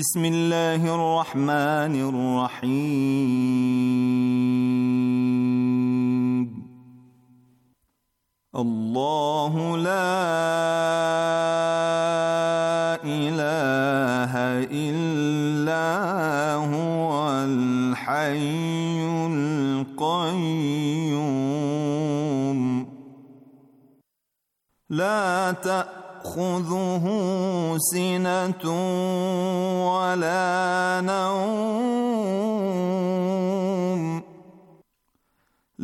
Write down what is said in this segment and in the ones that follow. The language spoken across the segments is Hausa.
بسم الله الرحمن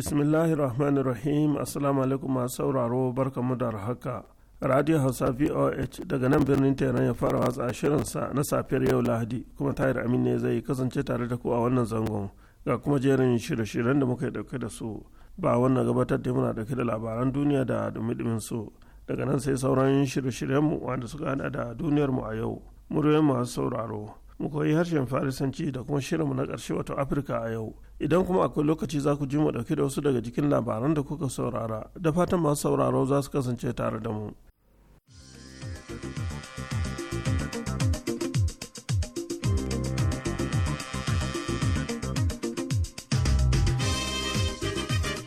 bismillahi rahmanir rahim assalamu alaikum masu sauraro mu da haka radio hausa voh daga nan birnin teran ya fara watsa shirinsa na safiyar yau lahadi kuma tahir amin ne zai kasance tare da ku a wannan zangon ga kuma jerin shirye-shiryen da muka yi dauke da su ba wannan gabatar da muna dauke da labaran duniya da dumi su daga nan sai sauran shirye-shiryenmu wanda suka hada da duniyarmu a yau muryoyin masu sauraro mu koyi harshen farisanci da kuma shirinmu na ƙarshe wato afirka a yau idan kuma akwai lokaci za ku ji mu ɗauki da wasu daga cikin labaran da kuka saurara da fatan masu sauraro za su kasance tare da mu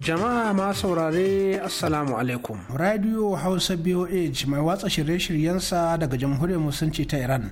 jama'a ma saurare assalamu alaikum radio hausa boh mai watsa shirye-shiryensa daga jamhuriyar musulunci ta iran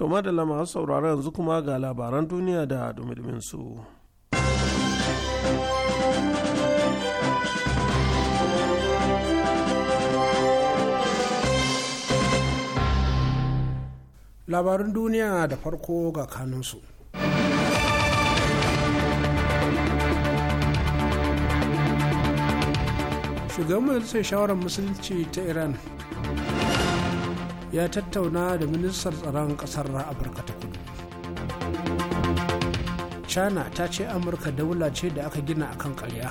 To madalla masu sauraro yanzu kuma ga labaran duniya da su. Labarin duniya da farko ga kanunsu. Shugaban majalisar shawarar musulunci ta Iran ya tattauna da ministar tsaron kasar afirka ta kudu china ta ce amurka daula ce da aka gina a kan karya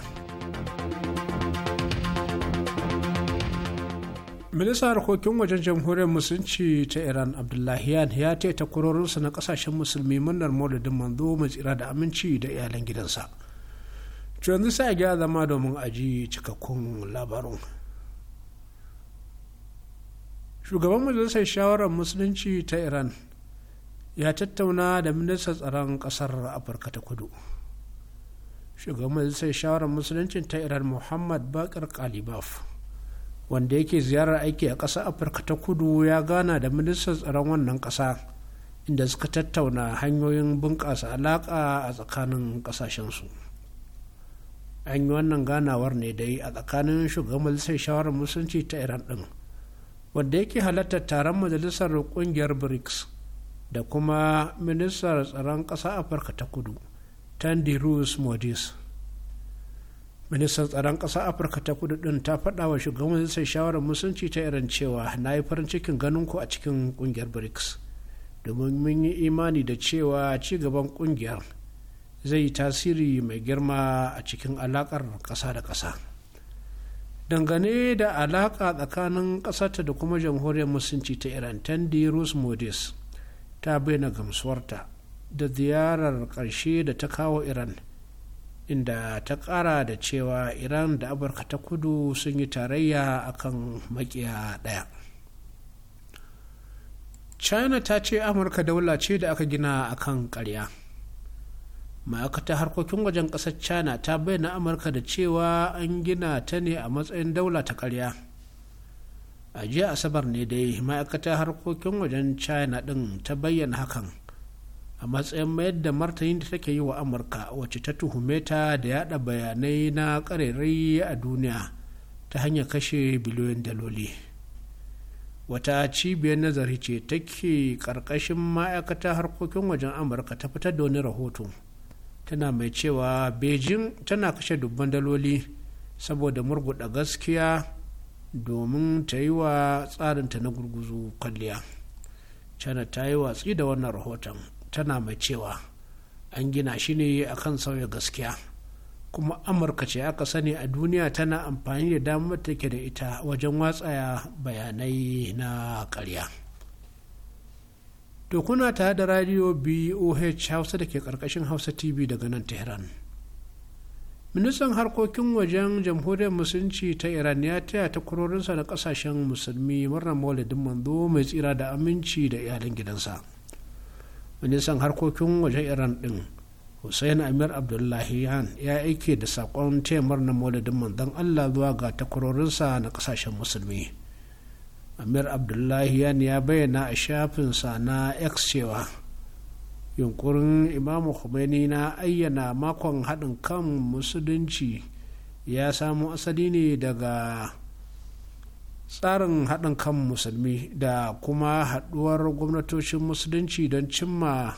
ministan harkokin wajen jamhuriyar musulunci ta iran abdullahiyan ya ta takwarorinsa na kasashen musulmi murnar mauladin manzo mai tsira da aminci da iyalan gidansa yanzu sai ya zama domin aji cikakkun labarin shugaban majalisar shawarar musulunci ta iran ya tattauna da ministan tsaron kasar afirka ta kudu shugaban majalisar shawarar musulunci ta iran muhammad bakar kalibaf wanda yake ziyarar aiki a ƙasar afirka ta kudu ya gana da ministan tsaron wannan ƙasa inda suka tattauna hanyoyin bunƙasa alaƙa a tsakanin ƙasashensu an yi wannan ganawar ne dai a tsakanin shugaban majalisar shawarar musulunci ta iran ɗin wadda yake halartar taron majalisar kungiyar brics da kuma ministar tsaron ƙasa afirka ta kudu rus modis ministan tsaron ƙasa afirka ta kudu din ta faɗa wa shugaban majalisar shawarar musulunci ta irin cewa na yi farin cikin ganin ku a cikin kungiyar brics domin mun yi imani da cewa ci gaban kungiyar zai yi tasiri mai girma a cikin alaƙar ƙasa da ƙasa. dangane da alaƙa tsakanin ƙasarta da kuma jamhuriyar musulunci ta iran rus modis ta bayyana gamsuwarta da ziyarar ƙarshe da ta kawo iran inda ta ƙara da cewa iran da amurka ta kudu sun yi tarayya akan makiya ɗaya china ta ce amurka daula ce da aka gina akan ƙarya ma'aikatar harkokin wajen ƙasar china ta bayyana amurka da cewa an gina ta ne a matsayin daula ta karya a jiya asabar ne dai ma'aikatar harkokin wajen china ɗin ta bayyana hakan a matsayin mayar da martanin da take yi wa amurka wacce ta tuhume ta da yada bayanai na ƙarerai a duniya ta hanyar kashe biliyoyin daloli wata cibiyar nazari ce take ƙarƙashin ma'aikatar harkokin wajen amurka ta fitar da wani rahoto tana mai cewa beijing tana kashe dubban daloli saboda murguɗa gaskiya domin ta yi wa tsarinta na gurguzu kwalliya china ta yi watsi da wannan rahoton tana mai cewa an gina shi ne a kan sauya gaskiya kuma amurka ce aka sani a duniya tana amfani da damar take da ita wajen watsaya bayanai na karya. to kuna tare da radio boh hausa da ke karkashin hausa tv daga nan tehran ministan harkokin wajen jamhuriyar musulunci ta iran ya taya ta kurorinsa na kasashen musulmi murnar maulidin manzo mai tsira da aminci da iyalin gidansa ministan harkokin wajen iran din hussein amir abdullahi han ya aike da saƙon taya murnar maulidin manzon allah zuwa ga takwarorinsa na ƙasashen musulmi amir abdullahi ya bayyana a shafinsa na x cewa yunkurin imamu khomeini na ayyana makon haɗin kan musulunci ya samo asali ne daga tsarin haɗin kan musulmi da kuma haɗuwar gwamnatocin musulunci don cimma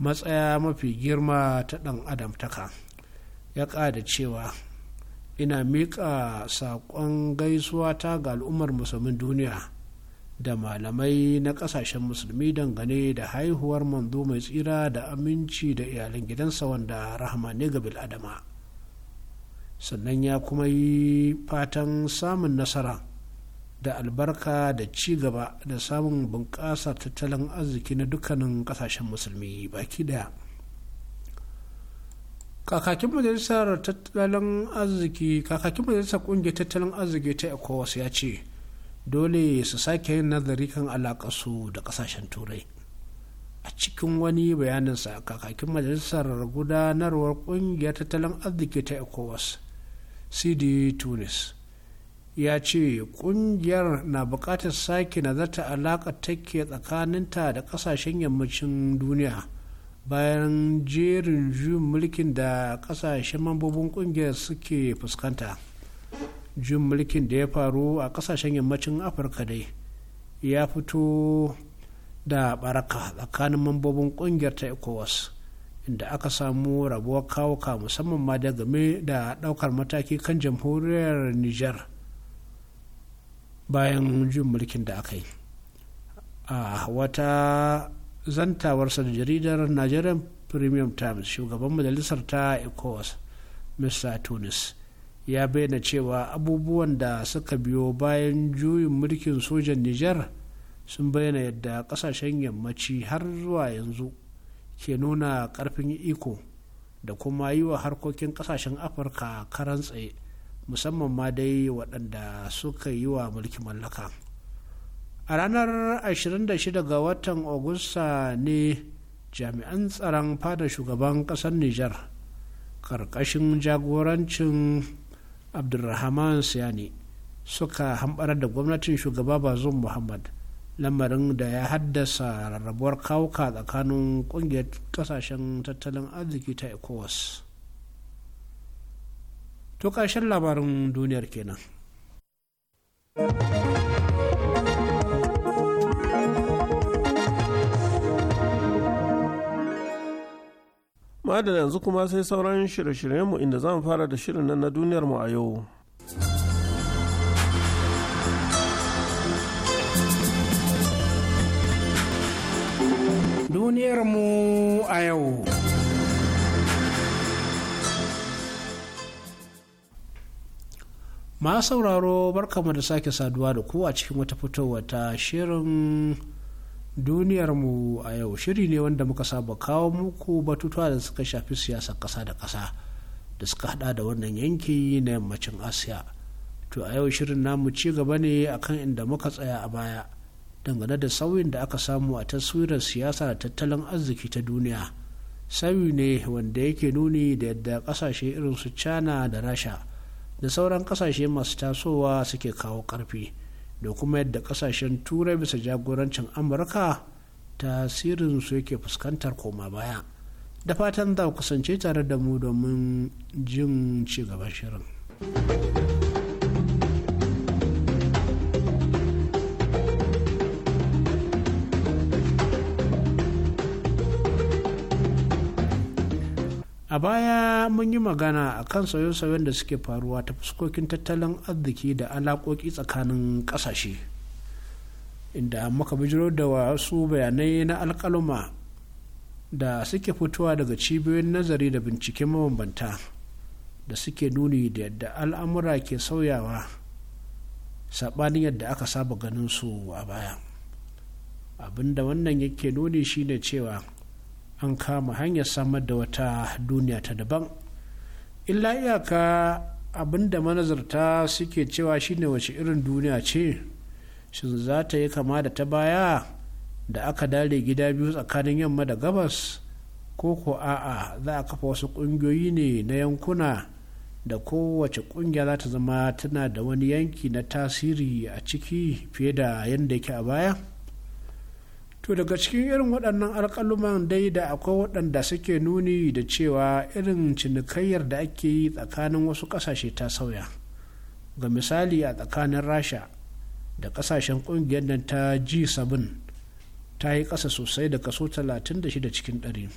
matsaya mafi girma ta ɗan adamtaka ya ƙada cewa ina miƙa saƙon gaisuwa ta ga al'ummar musulmin duniya da malamai na ƙasashen musulmi dangane da haihuwar manzo mai tsira da aminci da iyalin gidansa wanda rahama ne ga bil'adama sannan ya kuma yi fatan samun nasara da albarka da ci gaba da samun bunƙasar tattalin arziki na dukkanin ƙasashen musulmi baki daya kakakin majalisar tattalin arziki kakakin majalisar kungiyar tattalin arziki ta ecowas ya ce dole su sake yin nazari kan alakasu da kasashen turai a cikin wani bayaninsa kakakin majalisar gudanarwar kungiyar tattalin arziki ta ecowas cd tunis ya ce kungiyar na bukatar sake nazarta alaka take tsakaninta da kasashen yammacin duniya bayan jerin juyin mulkin da kasashen mambobin kungiyar suke fuskanta juyin mulkin da ya faru a kasashen yammacin afirka dai ya fito da baraka tsakanin mambobin kungiyar ta ecowas inda aka samu rabuwar kawuka musamman ma da game da daukar mataki kan jamhuriyar niger bayan juyin mulkin da aka yi a wata zantawarsa da jaridar nigerian premium times shugaban majalisar ta ecowas mr tunis ya bayyana cewa abubuwan da suka biyo bayan juyin mulkin sojan niger sun bayyana yadda kasashen yammaci har zuwa yanzu ke nuna karfin iko da kuma yi wa harkokin kasashen afirka karan tsaye musamman ma dai waɗanda suka yi wa mulkin mallaka. a ranar 26 ga watan agusta ne jami'an tsaron fada shugaban kasar niger karkashin jagorancin abdulrahman siyani suka hambara da gwamnatin shugaba bazum muhammad lamarin da ya haddasa rarrabuwar kawuka tsakanin kungiyar kasashen tattalin arziki ta ecowas to kashin labarin duniyar kenan. madana yanzu kuma sai sauran shirye-shiryenmu inda zan fara da shirin nan na duniyarmu a yau duniyarmu a yau ma sauraro barkamu da sake saduwa da ku a cikin wata fitowa ta shirin duniyarmu a yau shiri ne wanda muka saba kawo muku batutuwa da suka shafi siyasar ƙasa da ƙasa da suka hada da wannan yanki na yammacin asiya to a yau shirin namu ci gaba ne akan inda muka tsaya a baya dangane da sauyin da aka samu a taswirar siyasa da tattalin arziki ta duniya sauyi ne wanda yake nuni da yadda kasashe irin su china da rasha da sauran kasashe masu tasowa suke kawo karfi. da kuma yadda kasashen turai bisa jagorancin amurka tasirin su yake fuskantar koma baya da fatan za kusance tare da mu domin jin ci gaban shirin. a baya mun yi magana a kan sauye-sauyen da suke faruwa ta fuskokin tattalin arziki da alaƙoƙi tsakanin ƙasashe inda muka bijiro da wasu bayanai na alƙaluma da suke fitowa daga cibiyoyin nazari da bincike mabambanta da suke nuni da yadda al'amura ke sauyawa saɓanin yadda aka saba ganin su a baya abinda wannan yake nuni shine cewa an kama hanyar samar da wata duniya ta daban illa iyaka abinda manazarta suke cewa shine wace irin duniya ce shin za ta yi kama da ta baya da aka dare gida biyu tsakanin yamma da gabas ko ko a'a za a kafa wasu ƙungiyoyi ne na yankuna da kowace ƙungiya za ta zama tana da wani yanki na tasiri a ciki fiye da yadda yake a baya? to daga cikin irin waɗannan alƙaluman dai da akwai waɗanda suke nuni da cewa irin cinikayyar da ake yi tsakanin wasu ƙasashe ta sauya ga misali a tsakanin rasha da ƙasashen ƙungiyar nan ta g7 ta yi ƙasa sosai da kaso 36 cikin 100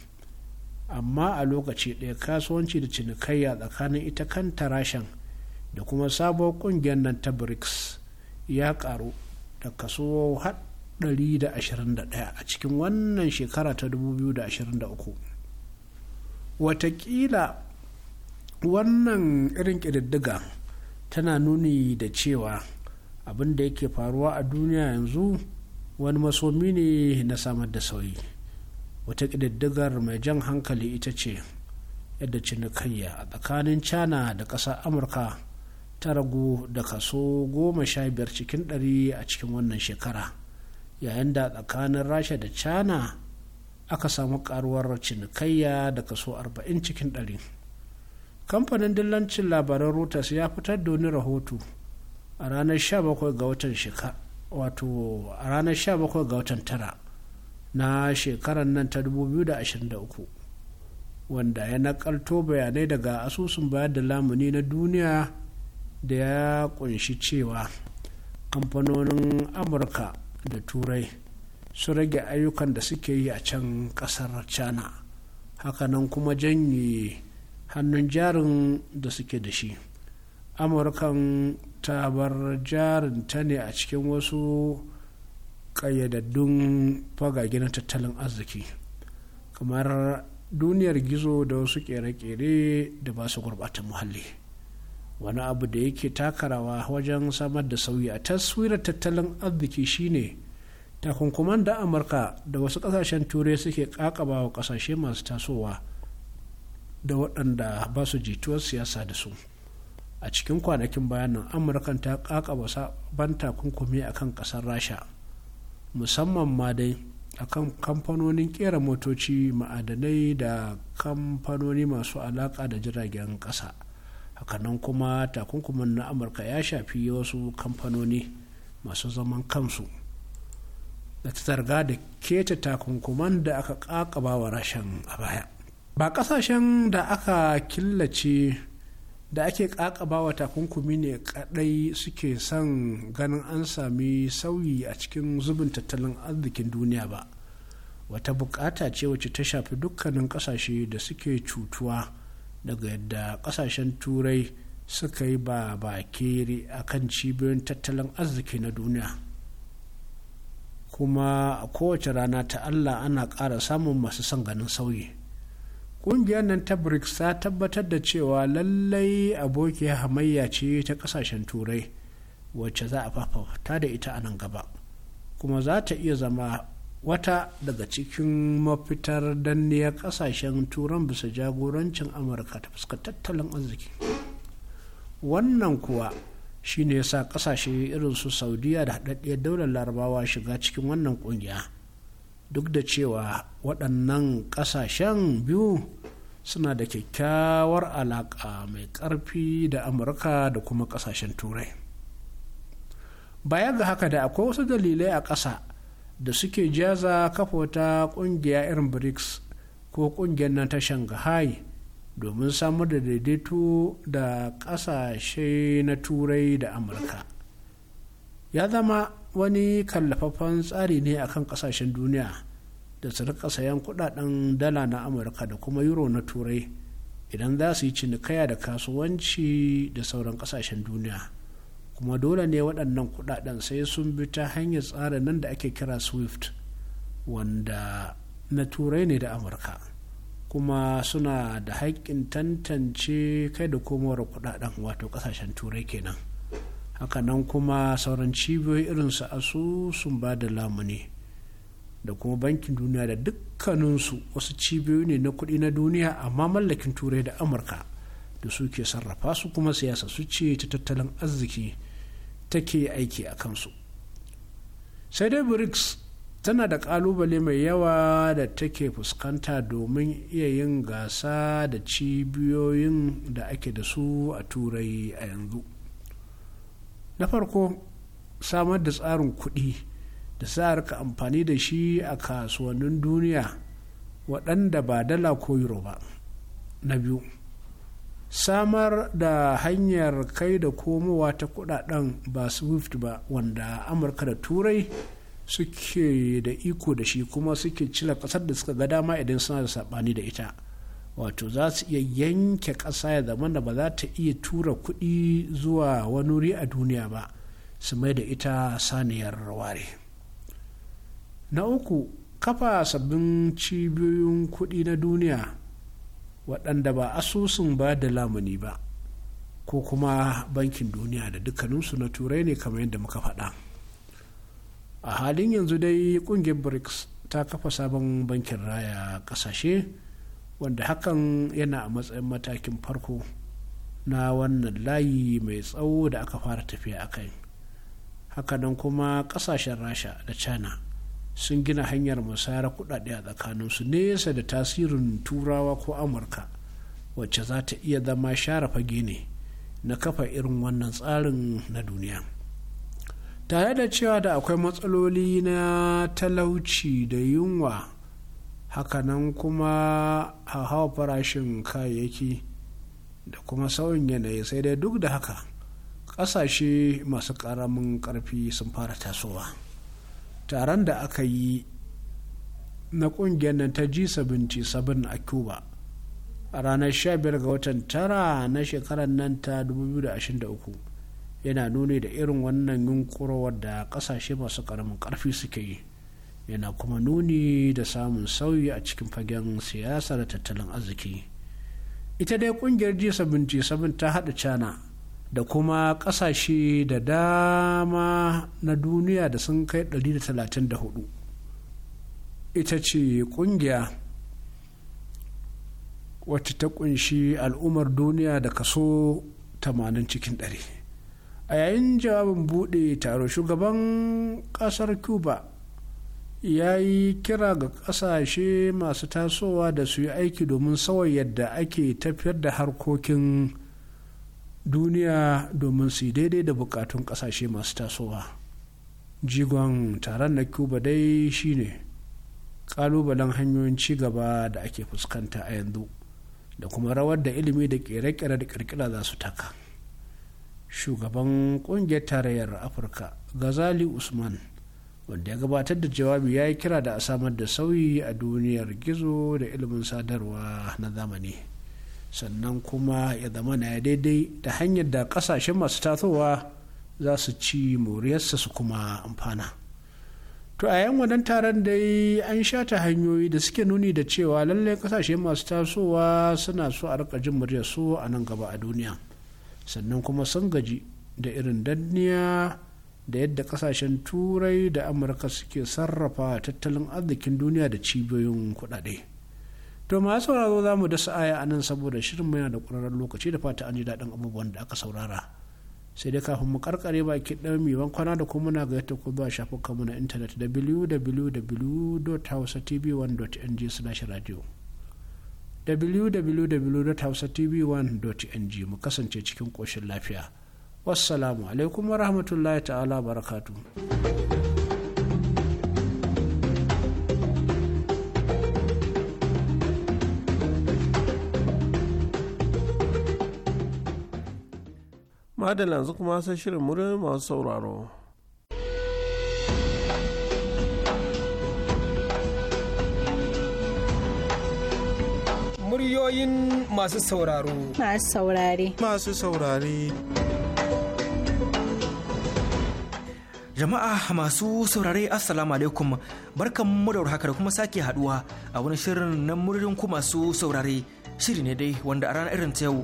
amma a lokaci ɗaya kasuwanci da cinikayya tsakanin ita kanta rashan da kuma sabuwar ƙungiyar nan ta brics ya ƙaru da kaso 121 a cikin wannan shekara ta 2023 watakila wannan irin ƙididdiga tana nuni da cewa abin da yake faruwa a duniya yanzu wani masomi ne na samar da sauyi wata ƙididdigar mai jan hankali ita ce yadda cinikayya a tsakanin china da ƙasar amurka ta ragu da kaso goma sha biyar cikin ɗari a cikin wannan shekara yayin da tsakanin rasha da china aka samu karuwar cinikayya da kaso 40 cikin 100 kamfanin dillancin labaran reuters ya fitar da wani rahoto a ranar 17 ga watan shika wato a ranar 17 ga watan tara na shekarar nan ta 2023 wanda ya nakalto bayanai daga asusun bayar da lamuni na duniya da ya kunshi cewa kamfanonin amurka da turai su rage ayyukan da suke yi a can kasar china hakanan kuma janye hannun jarin da suke da shi amurkan ta bar jarin ta ne a cikin wasu kayyadaddun fagage na tattalin arziki kamar duniyar gizo da wasu kere-kere da ba su gurbata muhalli wani abu da yake takarawa wajen samar da sauyi a taswirar tattalin arziki shine takunkuman da amurka da wasu kasashen turai suke kakaba wa kasashe masu tasowa da waɗanda ba su jituwar siyasa da su a cikin kwanakin bayanan amurkan ta kakaba sabon takunkumi a kan ƙasar rasha musamman ma dai a kan kamfanonin kera motoci ma'adanai da kamfanoni masu alaƙa da jiragen ƙasa hakanan kuma takunkumin na amurka ya shafi wasu kamfanoni masu zaman kansu da ta targa da keta takunkuman da aka kakaba wa rashin a baya ba kasashen da aka killace da ake kakaba wa takunkumi ne kadai suke son ganin an sami sauyi a cikin zubin tattalin arzikin duniya ba wata bukata ce wacce ta shafi dukkanin kasashe da suke cutuwa daga yadda kasashen turai suka yi ba bakere a kan cibiyoyin tattalin arziki na duniya kuma a kowace rana ta allah ana ƙara samun masu son ganin sauyi ƙungiyar nan ta brics ta tabbatar da cewa lallai aboki hamayya ce ta ƙasashen turai wacce za a fafafta da ita a nan gaba kuma za ta iya zama wata daga cikin mafitar danniyar kasashen turan bisa jagorancin amurka ta fuska tattalin arziki wannan kuwa shine ya sa kasashe irin su saudiya da haɗaɗɗiyar daular larabawa shiga cikin wannan ƙungiya duk da cewa waɗannan ƙasashen biyu suna da kyakkyawar alaƙa mai ƙarfi da amurka da kuma ƙasashen turai baya ga haka da akwai wasu dalilai a ƙasa da suke jaza kafota kungiya irin brics ko kungiyar nan ta shanghai domin samar da daidaito da kasashe na turai da amurka ya zama wani kallafafan tsari ne a kan kasashen duniya da su rika sayan kudaden dala na amurka da kuma euro na turai idan za su yi cinikaya da kasuwanci da sauran kasashen duniya kuma dole ne waɗannan kuɗaɗen sai sun bi ta hanyar tsarin nan da ake kira swift wanda na turai ne da amurka kuma suna da haƙƙin tantance kai da komowar kuɗaɗen wato ƙasashen turai kenan hakanan kuma sauran cibiyoyi irinsu asusun ba da lamuni da kuma bankin duniya da dukkaninsu wasu cibiyoyi ne na kuɗi na duniya amma mallakin turai da amurka da suke sarrafa su kuma siyasa su ce ta tattalin arziki take aiki a kansu sai dai brics tana da kalubale mai yawa da take fuskanta domin iya yin gasa da cibiyoyin da ake da su a turai a yanzu na farko samar da tsarin kudi da sa'ar rika amfani da shi a kasuwannin duniya waɗanda ba dala ko euro ba na biyu samar da hanyar kai da komowa ta kudaden ba swift ba wanda amurka da turai suke da iko da shi kuma suke cila kasar da suka ga dama idan suna da sabani da ita wato za su iya yanke ƙasa ya zama da ba za ta iya tura kuɗi zuwa wani wuri a duniya ba su mai da ita saniyar ware na uku kafa sabbin cibiyoyin kuɗi na duniya waɗanda ba asusun ba da lamuni ba ko kuma bankin duniya da dukkaninsu na turai ne kamar yadda muka faɗa a halin yanzu dai ƙungiyar brics ta kafa sabon bankin raya ƙasashe wanda hakan yana a matsayin matakin farko na wannan layi mai tsawo da aka fara tafiya a kai hakanan kuma ƙasashen rasha da china sun gina hanyar musayar kudade a tsakaninsu nesa da tasirin turawa ko amurka wacce za ta iya zama share fage ne na kafa irin wannan tsarin na duniya tare da cewa da akwai matsaloli na talauci da yunwa hakanan kuma hauhawa farashin kayayyaki da kuma sauyin yanayi sai dai duk da haka ƙasashe masu ƙaramin ƙarfi sun fara tasowa. taron da aka yi na kungiyar nan ta g77 a cuba a ranar 15 ga watan tara na shekarar nan ta 2023 yana nuni da irin wannan yunkurowar da kasashe masu karamin karfi suke yi yana kuma nuni da samun sauyi a cikin fagen siyasa da tattalin arziki ita dai kungiyar g77 ta haɗa cana. da kuma ƙasashe da dama na duniya da sun kai 134 ita ce ƙungiya wacce ta kunshi al'ummar duniya da kaso 80 cikin 100 a yayin jawabin buɗe taro shugaban ƙasar cuba ya yi kira ga ƙasashe masu tasowa da su yi aiki domin sauya yadda ake tafiyar da harkokin duniya domin su daidai da bukatun kasashe masu tasowa jigon taron na cuba dai shine kalubalen hanyoyin ci gaba da ake fuskanta a yanzu da kuma rawar da ilimi da kere-kere da kirkira za su taka shugaban kungiyar tarayyar afirka gazali usman wanda ya gabatar da jawabi ya yi kira da a samar da sauyi a duniyar gizo da ilimin sadarwa na zamani sannan kuma ya zama na daidai da hanyar da kasashen masu tasowa za su ci moriyarsa su kuma amfana to a yan wannan taron dai an sha ta hanyoyi da suke nuni da cewa lallai kasashe masu tasowa suna so a rika jin muryarsu a nan gaba a duniya sannan kuma sun gaji da irin danniya da yadda kasashen turai da amurka suke sarrafa tattalin arzikin duniya da cibiyoyin kudade to ma sauraro za mu dasa aya a nan saboda shirin yana da ƙwararren lokaci da fata an ji daɗin abubuwan da aka saurara sai dai kafin mu karkare baki ɗan miwan kwana da kuma muna gayyata ku zuwa shafukanmu na intanet www.hausatv1.ng slash radio www.hausatv1.ng mu kasance cikin ƙoshin lafiya wassalamu alaikum wa rahmatullahi ta'ala barakatu. madalla yanzu kuma sai shirin murin masu sauraro muryoyin masu sauraro masu saurare masu saurare Jama'a masu saurare Assalamu alaikum barkan mu da warhaka da kuma sake haduwa a wani shirin na muryoyin ku masu saurare shiri ne dai wanda a ranar irin ta yau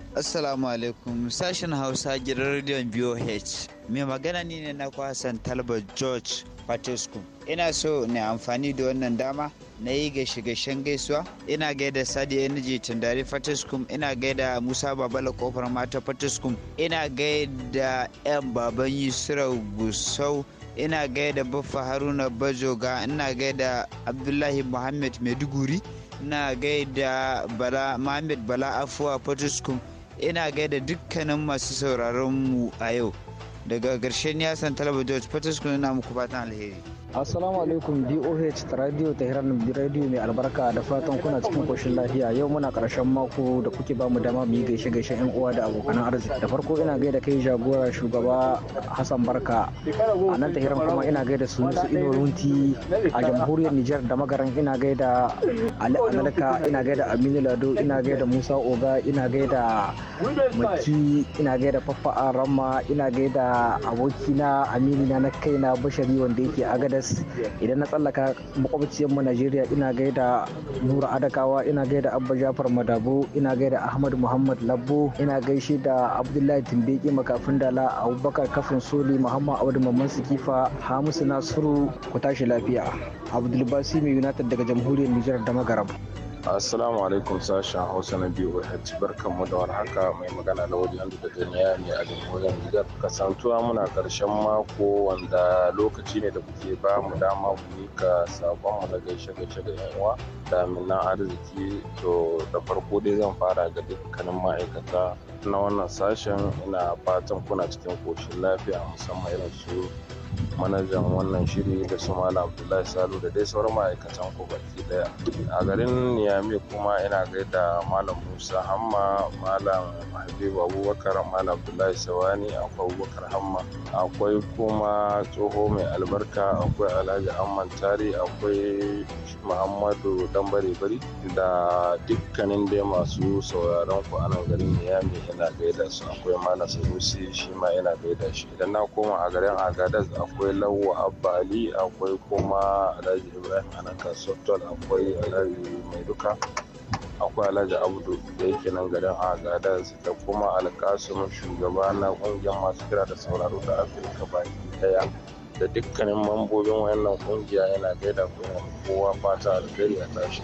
Assalamu alaikum sashen Hausa gidan rediyon BOH. Mai magana ne na kwasan Talba George Patescu. Ina so ne amfani da wannan dama na yi ga shigashen gaisuwa. Ina gaida Sadi Energy Tandari Patescu. Ina gaida Musa Babala Kofar Mata Patescu. Ina gaida 'yan baban Yusra Gusau. Ina gaida Baffa Haruna Bajoga. Ina gaida Abdullahi Muhammad Maiduguri. Ina gaida Bala Muhammad Bala Afuwa Patescu. ina gaida dukkanin masu sauraron mu a yau daga ƙarshen yasan talabijin fatas na muku fatan alheri Assalamu alaikum DOH Radio Tehran Radio mai albarka da fatan kuna cikin koshin lafiya yau muna karshen mako da kuke bamu dama mu yi gaishe gaishe yan uwa da abokan arziki da farko ina gaida kai jagora shugaba Hassan Barka a nan Tehran kuma ina gaida Sunusu Ino Runti a jamhuriyar Niger da magaran ina gaida Ali Analka ina gaida Aminu Lado ina gaida Musa Oga ina gaida Maki ina gaida Faffa Arama ina gaida abokina Aminu na kaina Bashari wanda yake a west idan na tsallaka makwabciyar mu najeriya ina gaida nura adakawa ina gaida abba jafar madabo ina gaida ahmad muhammad labbo ina gaishe da abdullahi timbeki makafin dala abubakar kafin soli muhammad da mamman sikifa hamisu nasiru ku tashi lafiya abdulbasi mai united daga jamhuriyar nijar da magaram. Assalamu alaikum sashen Hausa na biyu BOH barkanmu da haka mai magana da wajen da duniya ne a jamhuriyar Nijar. Kasantuwa muna karshen mako wanda lokaci ne da kuke ba mu dama ku mika sakon mu na gaishe gaishe da yan uwa da minna arziki to da farko dai zan fara ga dukkanin ma'aikata na wannan sashen ina fatan kuna cikin koshin lafiya musamman irin su manajan wannan shiri da su malam abdullahi salu da dai sauran ma'aikatan ku baki daya a garin niyami kuma ina gaida malam musa hamma malam habibu abubakar malam abdullahi sawani akwai abubakar hamma akwai kuma tsoho mai albarka akwai alhaji amman tari akwai muhammadu dan bari da dukkanin dai masu sauraron ku a nan garin niyami ina gaida su akwai malam sanusi shi ma ina gaida shi idan na koma a garin agadez akwai lawa abbali akwai kuma alhaji ibrahim anan kasuwar akwai alhaji mai duka akwai alhaji abdu da yake nan garin agadas da kuma alkasum shugaba na kungiyar masu kira da sauraro da afirka baki daya da dukkanin mambobin wayannan kungiya yana gaida kuma kowa fata alheri a tashi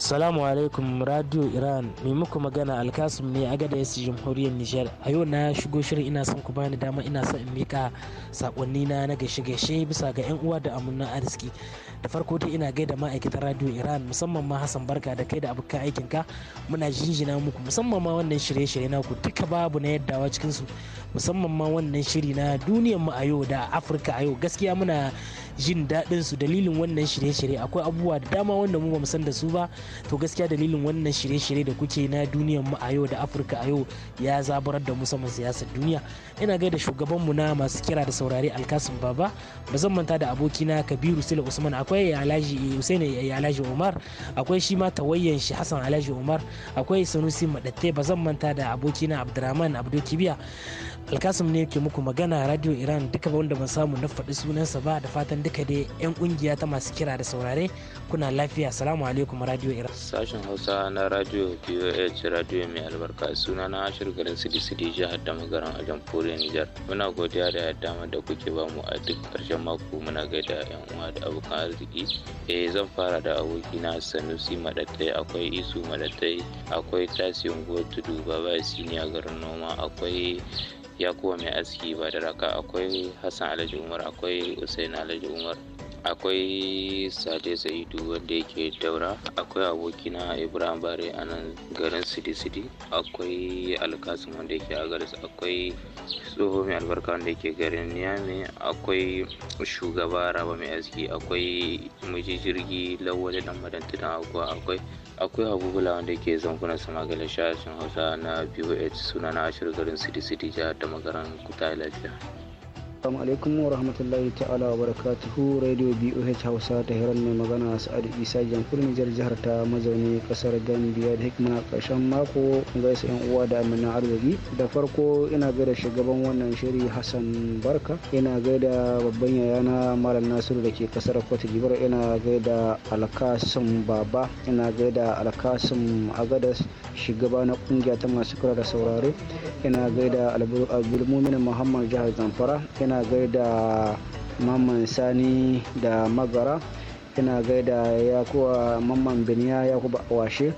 Salamu alaikum Radio Iran mai muku magana Alkasum ne a gada yasi jamhuriyar Nijar. A yau na shigo shirin ina son ku bani dama ina son in mika sakonni na na gaishe gaishe bisa ga yan uwa da amunan arziki. Da farko dai ina gaida ma'aikatan Radio Iran musamman ma Hassan Barka da kai da abokan aikin ka muna jinjina muku musamman ma wannan shirye-shirye ku duka babu na yaddawa cikin su musamman ma wannan shiri na duniyar mu a yau da Afirka a yau gaskiya muna jin daɗin su dalilin wannan shirye-shirye akwai abubuwa da dama wanda mu bamu san da su ba to gaskiya dalilin wannan shirye-shirye da kuke na duniyar mu a yau da Afirka a yau ya zaburar da mu sama siyasar duniya ina gaida shugaban mu na masu kira da saurare Alkasim Baba ba zan manta da abokina Kabiru Sule Usman akwai Alhaji Usaini eh, Alhaji Umar akwai shi ma tawayyan shi Hassan Alhaji Umar akwai Sanusi Madatte ba zan manta da abokina Abdurrahman Abdul Kibiya Alkasim ne ke muku magana Radio Iran duka wanda ban samu na faɗi sunansa ba da fatan duka dai 'yan kungiya ta masu kira da saurare kuna lafiya salamu alaikum radio iran sashen hausa na radio boh radio mai albarka suna na ashir garin sidi jihar da magaran a jamhuriyar nijar muna godiya da dama da kuke ba mu a duk karshen mako muna gaida yan uwa da abokan arziki e zan fara da abokina sanusi madatai akwai isu madatai akwai tasiyon gotudu tudu baba siniya garin noma akwai ya kuwa mai aski ba da raka akwai hassan alhaji umar akwai usain alhaji umar akwai sade sa'idu wanda yake daura akwai abokina ibrahim bare a nan garin sidi-sidi akwai alkasim wanda yake agaris akwai tsoho mai albarka wanda yake garin niyame akwai shugaba raba mai aski akwai miji jirgi lawale dan madantina agwa akwai akwai abubula wanda yake zankunan samagala shashin hausa na boh suna na ashirin garin sidi-sidi jihar da magaran kuta lafiya Assalamu alaikum wa rahmatullahi ta'ala wa barakatuhu Radio BOH Hausa ta Hiran mai magana Sa'adu Isa Jamhur Nijar jihar ta mazauni kasar Gambia da hikima karshen mako gaisa yan uwa da amina arziki. Da farko ina gaida shugaban wannan shiri Hassan Barka, ina gaida babban yayana Malam Nasiru da ke kasar Cote d'Ivoire, ina gaida Alkasim Baba, ina gaida Alkasim Agadas shugaba na kungiya ta masu kula da saurare, ina gaida Abdulmumin Muhammad jihar Zamfara, ina gaida mamman sani da magara ina gaida kuwa mamman biniya yakuba washe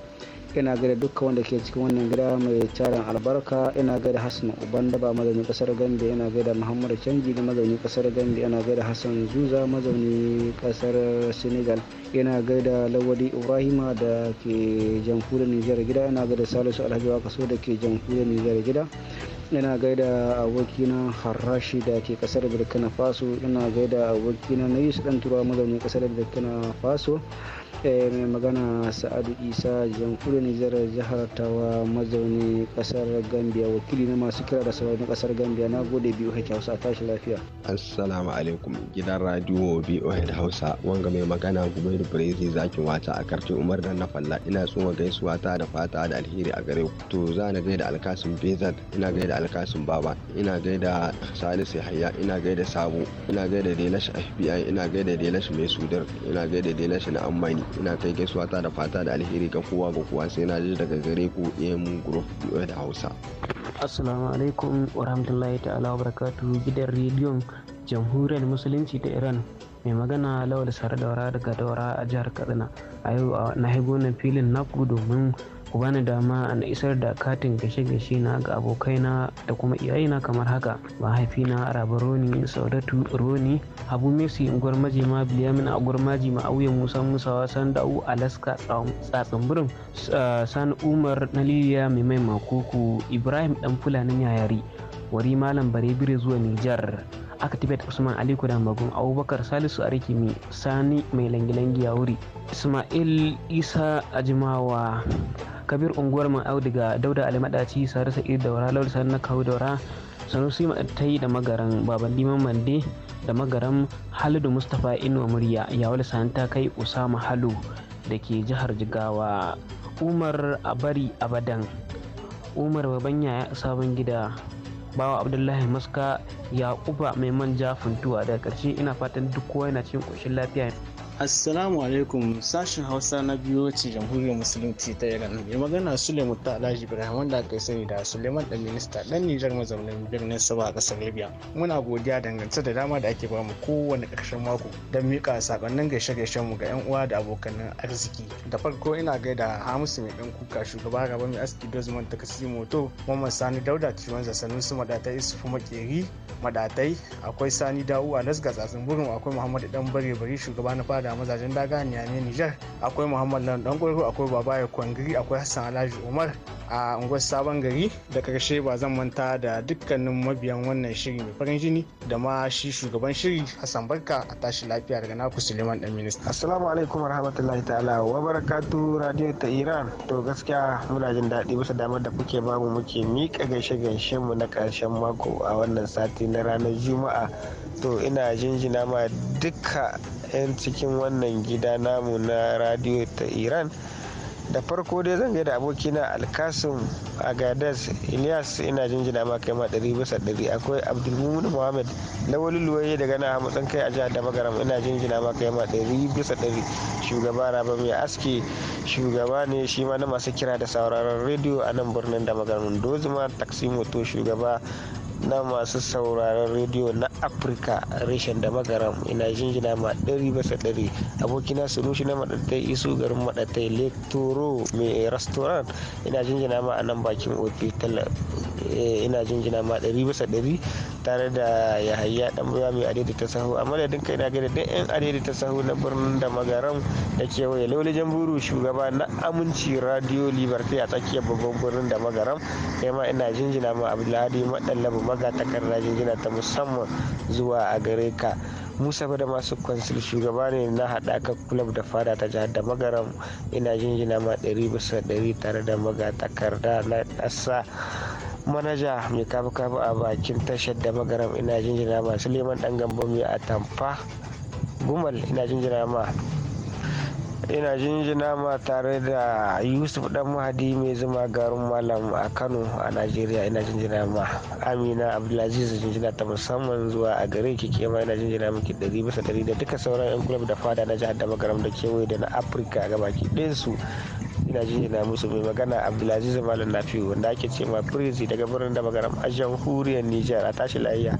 ina gaida dukkan wanda ke cikin wannan gida mai tarin albarka ina gaida hassan uban daba mazaunin kasar gambia yana gaida muhammadu canji da mazaunin kasar gambia yana gaida hassan zuza mazaunin kasar senegal yana gaida lawali ibrahima da ke jamhuriyar nijar gida yana gaida salisu alhaji kaso da ke jamhuriyar nijar gida yana gaida abokina harashi da ke kasar burkina faso yana gaida abokina na yusuf dan turawa mazaunin kasar burkina faso eh, mai magana sa'adu isa jamhuriyar nijar jihar tawa mazaunin kasar gambia wakili na masu kira da sauran kasar gambia na gode biyu hake hausa a tashi lafiya assalamu alaikum gidan radio boh hausa wanga mai magana gumai Muhammadu Firezi zakin wata a karshen Umar dan na falla ina tsoma gaisuwa ta da fata da alheri a gare ku. To za na gaida Alkasim Bezat ina gaida Alkasim Baba ina gaida Salisu Yahaya ina gaida Sabo ina gaida Delash FBI ina gaida Delash Mai Sudar ina gaida Delash na Ammani ina kai gaisuwa ta da fata da alheri ga kowa ga kowa sai na ji daga gare ku AM Group da Hausa. Assalamu alaikum rahmatullahi ta'ala wa barakatuhu gidan rediyon Jamhuriyar Musulunci ta Iran mai magana lawal sare daura daga daura a jihar kaduna a yau na haigo na filin naku domin ku bani dama na isar da katin gashe-gashe na ga abokaina da kuma iyayena kamar haka mahaifina araba roni saudatu roni habu mesi unguwar majima biliyamin unguwar maji auya musa musawa da'u alaska burin sani umar na liliya mai mai makoko ibrahim dan fulanin yayari wari malam bare bire zuwa nijar aka tibet usman ali kudan magun abubakar salisu arikimi sani mai langilangi ya wuri ismail isa ajimawa kabir unguwar man daga dauda alimadaci sare sa'id daura lawal na kawo daura su ta yi da magaran baban liman mande da magaran halidu mustapha inuwa murya sani ta kai usama halu da ke jihar jigawa umar abari abadan umar babban yaya sabon gida bawa abdullahi muska yakuba mai manja funtuwa daga ƙarshe ina fatan duk kowa yana cikin ƙoshin lafiya Assalamu alaikum sashen Hausa na biyo ce jamhuriyar musulunci ta Iran. Mai magana Suleiman ta Alhaji Ibrahim wanda aka sani da Suleiman dan minista dan Nijar mazaunin birnin Saba a kasar Libya. Muna godiya dangance da dama da ake bamu kowane karshen mako don mika sakonnin gaishe-gaishen mu ga yan uwa da abokan arziki. Da farko ina da Hamisu mai dan kuka shugaba gaba mai aski Dozman ta kasi moto, mamman Sani Dauda Ciwon Zasanin su madatai Isufu Makeri madatai akwai Sani Dawu a Lasga Tsatsin Burin akwai Muhammadu Dan Bare Bari shugaba na fada a mazajen daga niyame nijar akwai muhammad lan dan akwai baba ya kwangiri akwai hassan alhaji umar a unguwar sabon gari da karshe ba zan manta da dukkanin mabiyan wannan shiri mai farin jini da ma shi shugaban shiri hassan barka a tashi lafiya daga naku suleiman dan minista assalamu alaikum warahmatullahi ta'ala wa barakatu radio ta iran to gaskiya muna jin daɗi bisa damar da kuke bamu muke miƙa gaishe gaishe mu na karshen mako a wannan sati na ranar juma'a to ina jinjina ma duka 'yan cikin wannan gida namu na radio ta iran da farko dai zan da abokina alkasum agadas ilyas ina jinjina ma kai ma ɗari bisa ɗari akwai abdulmumin muhammad lawali luwaye daga na hamu kai a jihar da ina jinjina ma kai ma ɗari bisa ɗari shugaba raba mai aski shugaba ne shi ma na masu kira da sauraron rediyo a nan birnin dama magaram dozima taksimoto shugaba na masu sauraron rediyo na afirka reshen da magaram ina jinjina ma ɗari bisa ɗari abokina sunushi na maɗatai isu garin maɗatai lektoro mai restaurant ina jinjina ma a nan bakin ofi Eh, ina jinjina ma ɗari bisa ɗari tare da yahaya dan buya mai adadi ta sahu a madadin kai na gani duk yan adadi ta sahu na birnin da magaram da ke kewaye lauli jamburu shugaba na aminci radio liberty a tsakiyar babban birnin da magaram kai ma ina jinjina ma abdulhadi madallabu magatakarda jinjina ta musamman zuwa a gare ka musa da masu kwansil shugaba ne na haɗakar kulab da fada ta jihar da magaram ina jinjina ma ɗari bisa ɗari tare da magatakarda na ƙasa manaja mai kafa-kafa a bakin tashar da magaram ina jinjina ma suleiman dan gambo mai a tamfa gumal ina jinjina ma ina jinjina ma tare da yusuf dan mahadi mai zuma garin malam a kano a najeriya ina jinjina ma amina abdulaziz jinjina ta musamman zuwa a gare ki ma ina jinjina miki dari bisa dari da duka sauran yan kulab da fada na jihar da magaram da kewaye da na afirka gabaki ɗinsu. su ina ji ina musu mai magana abdulaziz malam nafi'u wanda ake ce ma daga birnin da magaram a jamhuriyar nijar a tashi lahiya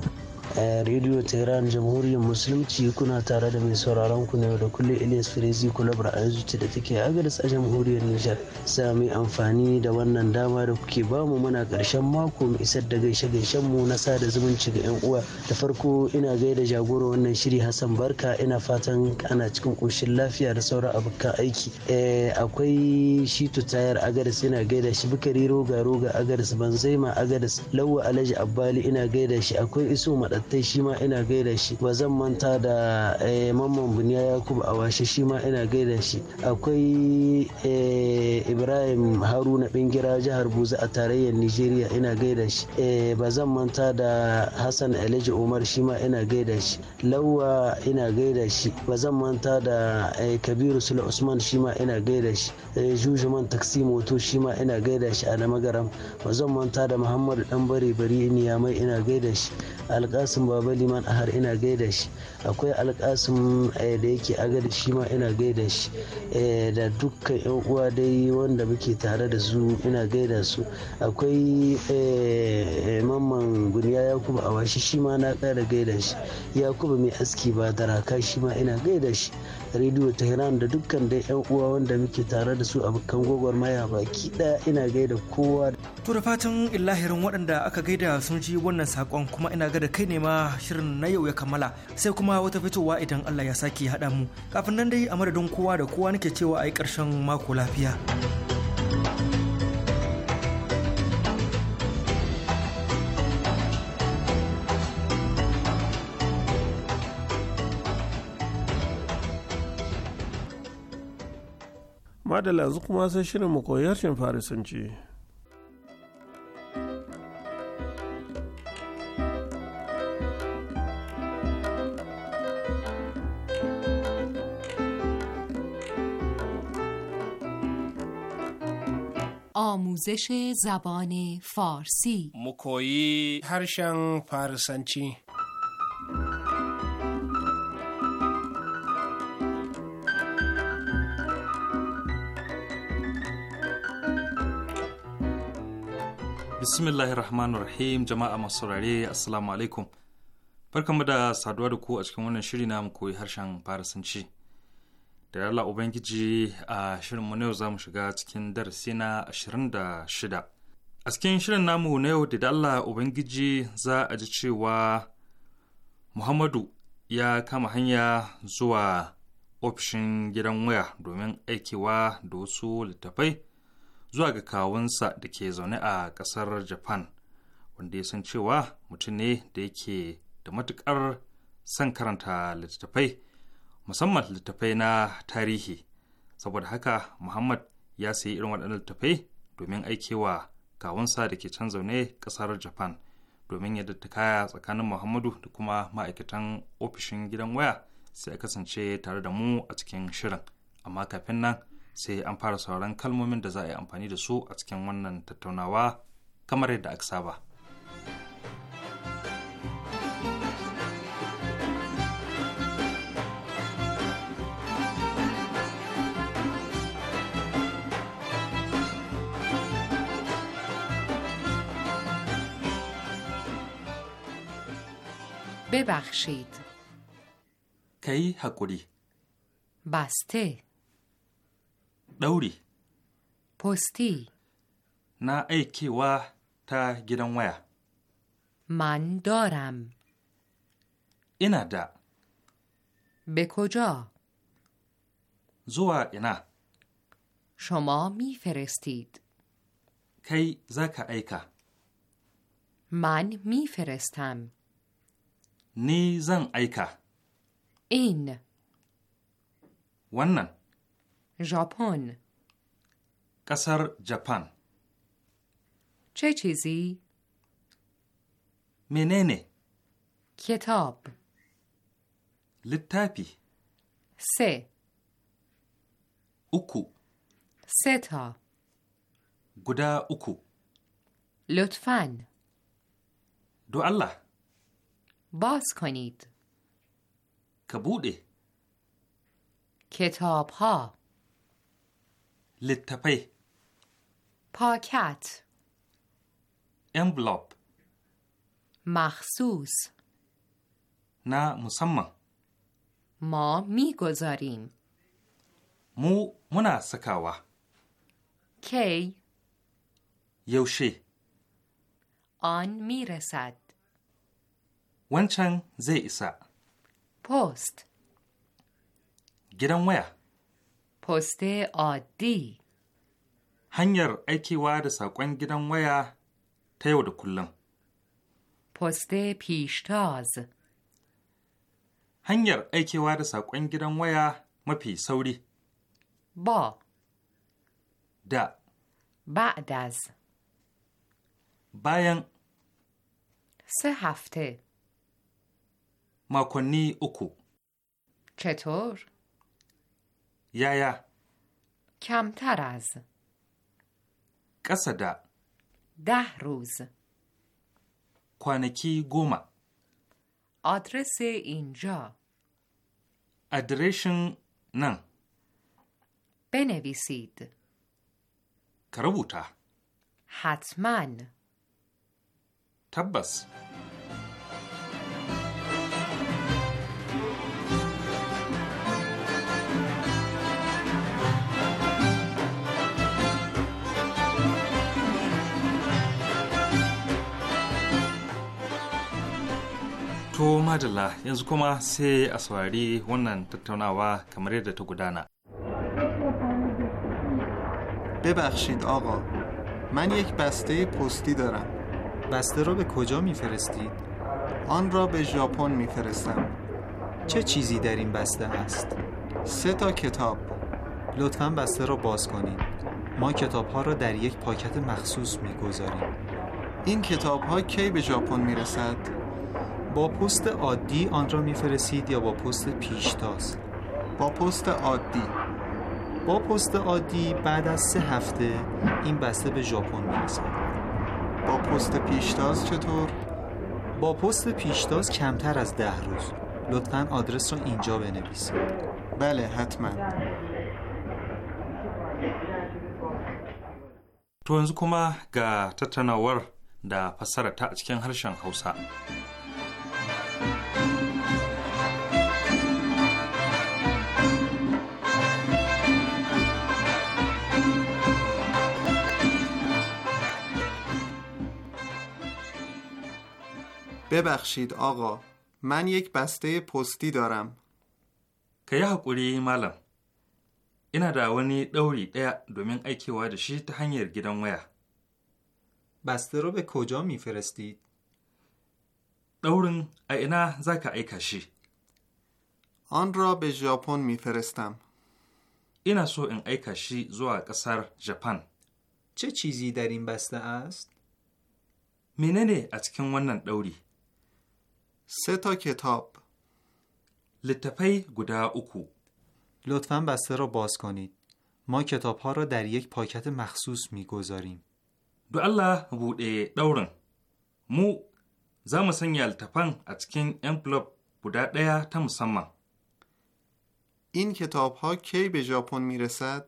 Eh, radio tehran jamhuriyar musulunci kuna tare da mai sauraron ku na da kullum ilyas firezi kulabar a zuci da take agadas a jamhuriyar nijar sami amfani da wannan dama da kuke bamu muna karshen mako mu isar da gaishe gaishen mu na sada zumunci ga yan uwa da farko ina gaida jagoro wannan shiri hassan barka ina fatan ana cikin koshin lafiya da sauran abokan aiki eh, akwai shitu tayar agaris ina gaida shi bukari roga roga agadas banzaima agadas lawa alhaji abbali ina gaida shi akwai iso madattai shi ma ina gaida shi ba zan manta da eh, mamman buniya yakubu awashe shi ma ina gaida shi akwai eh, ibrahim haruna bingira jihar buza a tarayyar nigeria eh, ina gaida shi ba zan manta da hassan alhaji umar shi ma ina gaida shi lawa ina gaida shi ba zan manta da kabiru sula usman shi ma ina gaida shi jujuman taksi moto shi ma ina gaida shi a magaram ba zan manta da muhammadu dan bari bari ina gaida shi alƙali alkasim baba liman har ina gaida shi akwai alƙasim eh, da yake agada shi ma ina gaida shi eh, da dukkan yan uwa dai wanda muke tare da su ina gaida su akwai eh, mamman guniya yakubu a washi shi ma na kara gaida shi kuma mai aski ba da raka shi ma ina gaida shi rediyo tehran da dukkan dai yan uwa wanda muke tare da su a gogor gwagwarmaya baki daya ina gaida kowa to da fatan illahirin waɗanda aka gaida sun ji wannan sakon kuma ina ga da kai ne ma shirin na yau ya kammala sai kuma wata fitowa idan Allah ya sake haɗa mu kafin nan dai a madadin kowa da kowa nake cewa a yi ƙarshen mako lafiya. da yanzu kuma sai shirin mu koyi harshen farisanci آموزش زبان فارسی مکویی هرشن فارسنچی bismillahir rahmanir rahim jama'a masu saurare assalamu alaikum barkanmu da saduwa da ku a cikin wannan shiri na mu koyi harshen farisanci da Allah ubangiji a shirin mu na za mu shiga cikin darasi na 26 a cikin shirin namu na yau da Allah ubangiji za a ji cewa muhammadu ya kama hanya zuwa ofishin gidan waya domin aikewa da wasu littafai zuwa ga kawunsa da ke zaune a ƙasar japan wanda ya san cewa mutum ne da yake da matuƙar son karanta littattafai musamman littattafai na tarihi saboda haka muhammad ya sayi irin waɗannan littattafai domin aikewa kawunsa da ke can zaune ƙasar japan domin ya kaya tsakanin muhammadu da kuma ma'aikatan ofishin gidan waya sai a kasance tare da mu a cikin shirin amma kafin nan sai an fara sauran kalmomin da za a yi amfani da su a cikin wannan tattaunawa kamar yadda aka saba. ببخشید کی حقوری بسته ɗauri Posti. na aikewa ta gidan waya. Mandoram. Ina da. Be Zuwa ina. Shoma mi ferestid. Kai za ka aika. Man mi ferestam. Ni zan aika. In. Wannan. ژاپن قصر ژاپن چه چیزی؟ مننه کتاب لتاپی سه اوکو سه تا گدا اوکو لطفاً دو الله باز کنید کبوده کتاب ها لتپی پاکت امبلوب، مخصوص نه مسمم ما میگذاریم مو منا سکاوا کی یوشی آن میرسد ونچن زی ایسا پست گیرن ویا poste odi? hanyar aikewa da saƙon gidan waya ta yau da kullum. Poste pishtaz Hanyar aikewa da saƙon gidan waya mafi sauri. Ba Da Ba Ba'daz Bayan su Makonni uku. uku Yaya? Kyamtar az. Ƙasa da. Da ruz. Kwanaki goma. Adrese inja. Adireshin nan. Benevisid. Ka rubuta. Hatman. Tabbas. madalla yanzu kuma sai a saurari wannan ببخشید آقا من یک بسته پستی دارم بسته را به کجا میفرستید؟ آن را به ژاپن میفرستم چه چیزی در این بسته است؟ سه تا کتاب لطفا بسته را باز کنید ما کتاب ها را در یک پاکت مخصوص میگذاریم این کتاب ها کی به ژاپن میرسد؟ با پست عادی آن را میفرستید یا با پست پیشتاز با پست عادی با پست عادی بعد از سه هفته این بسته به ژاپن میرسه با پست پیشتاز چطور با پست پیشتاز کمتر از ده روز لطفا آدرس رو اینجا بنویسید بله حتما تو yanzu kuma تتناور tattaunawar پسر پسر هرشان ببخشید آقا من یک بسته پستی دارم که یه حقوری مالم اینا دا ونی دوری دیا دومین ایکی وادشی تا هنگر گیدن ویا بسته رو به کجا میفرستید؟ دورن اینا زکا ایکشی آن را به ژاپن میفرستم اینا سو این ایکشی زوا کسر ژاپن چه چیزی در این بسته است؟ نه از کن ونن دوری؟ سه تا کتاب لطفه گودا اوکو لطفا بسته را باز کنید ما کتاب ها را در یک پاکت مخصوص می گذاریم دو الله بوده دورن مو زم سنیا از کن امپلوب بودا دیا تا سمم این کتاب ها کی به ژاپن می رسد؟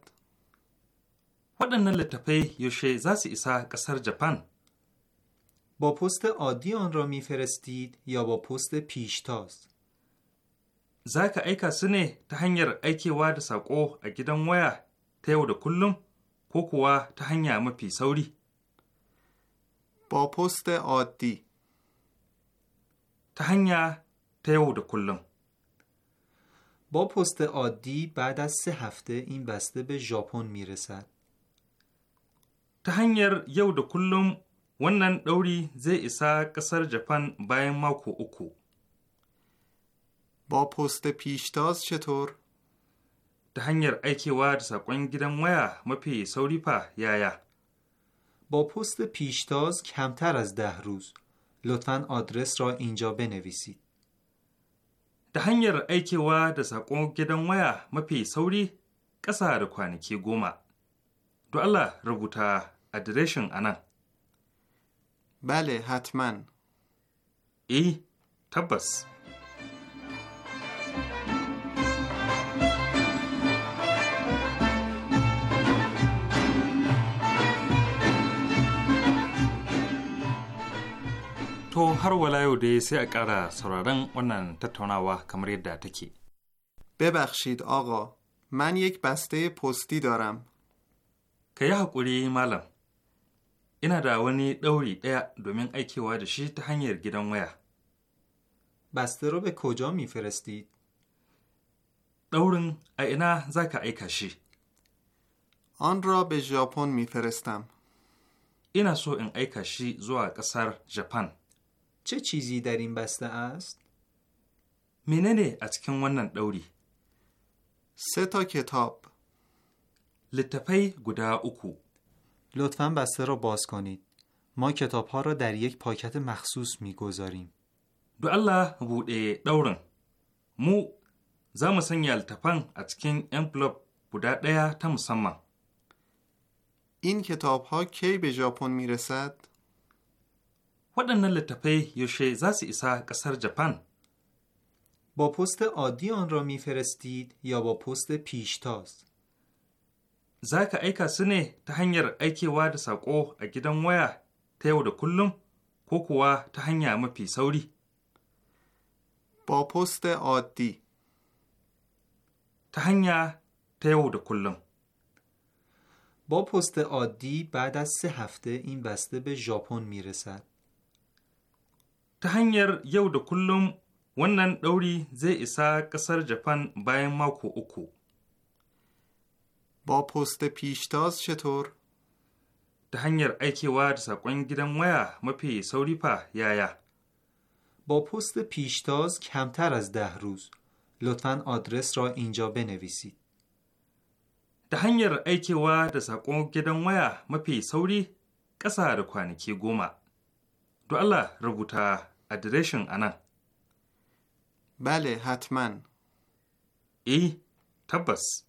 waɗannan یوشه یوشه زاسی ایسا ژاپن؟ با پست عادی آن را میفرستید یا با پست پیشتاز زک ایک سنه تهنگر هنگر ایکی واد ساکو اگیدن ویا تا یود کلوم کوکوا تا هنگر اما پی سوری با پست عادی تا هنگر تا یود کلوم با پست عادی بعد از سه هفته این بسته به ژاپن میرسد تا هنگر یود کلوم Wannan ɗauri zai isa ƙasar Japan bayan mako uku. Ba پست pishtas چطور؟ ta hanyar aikewa da saƙon gidan waya mafi sauri fa yaya. Ba da pishtas کمتر az ده روز. لطفا adres ra inja بنویسید. ta hanyar aikewa da saƙon gidan waya mafi sauri ƙasa da kwanaki goma. Do Allah rubuta adireshin anan. بله حتما ای تبس تو هر ولایو دی سی اقرا سرارن ونن تتوناوا کمر یدا تکی ببخشید آقا من یک بسته پستی دارم که یا مالم ina da wani ɗauri ɗaya domin aikewa da shi ta hanyar gidan waya. Basta robe kojo mi firasti? Ɗaurin a ina za ka aika shi. An be Japan mi firistam. Ina so in aika shi zuwa ƙasar Japan. Ce cizi darin basta ast? Menene a cikin wannan ɗauri? Seto kitab. Littafai guda uku. لطفا بسته را باز کنید. ما کتاب ها را در یک پاکت مخصوص می دو الله بوده دورن. مو زم سنگل تپن از کن امپلوب بوده دیا تم سمم. این کتاب ها کی به ژاپن می رسد؟ waɗannan یوشه yaushe za su isa با پست عادی آن را میفرستید یا با پست پیشتاز؟ za ka aika su ne ta hanyar aikewa da saƙo a gidan waya ta yau da kullum ko kuwa ta hanya mafi sauri. با پست عادی تا هنیا تیو ده کلم با پست ba بعد از سه in این بسته به ژاپن میرسد ta hanyar yau da kullum wannan ɗauri zai isa ƙasar Japan bayan mako uku. با پست پیشتاز چطور؟ ده هنگر ایکی وارد سبقین گیرم ویا مپی سوری پا یا یا با پست پیشتاز کمتر از ده روز لطفا آدرس را اینجا بنویسید ده هنگر ایکی وارد سبقین گیرم ویا مپی سوری کسا رکوانی کی گوما دو الله رگوتا ادرشن انا بله حتما ای تبس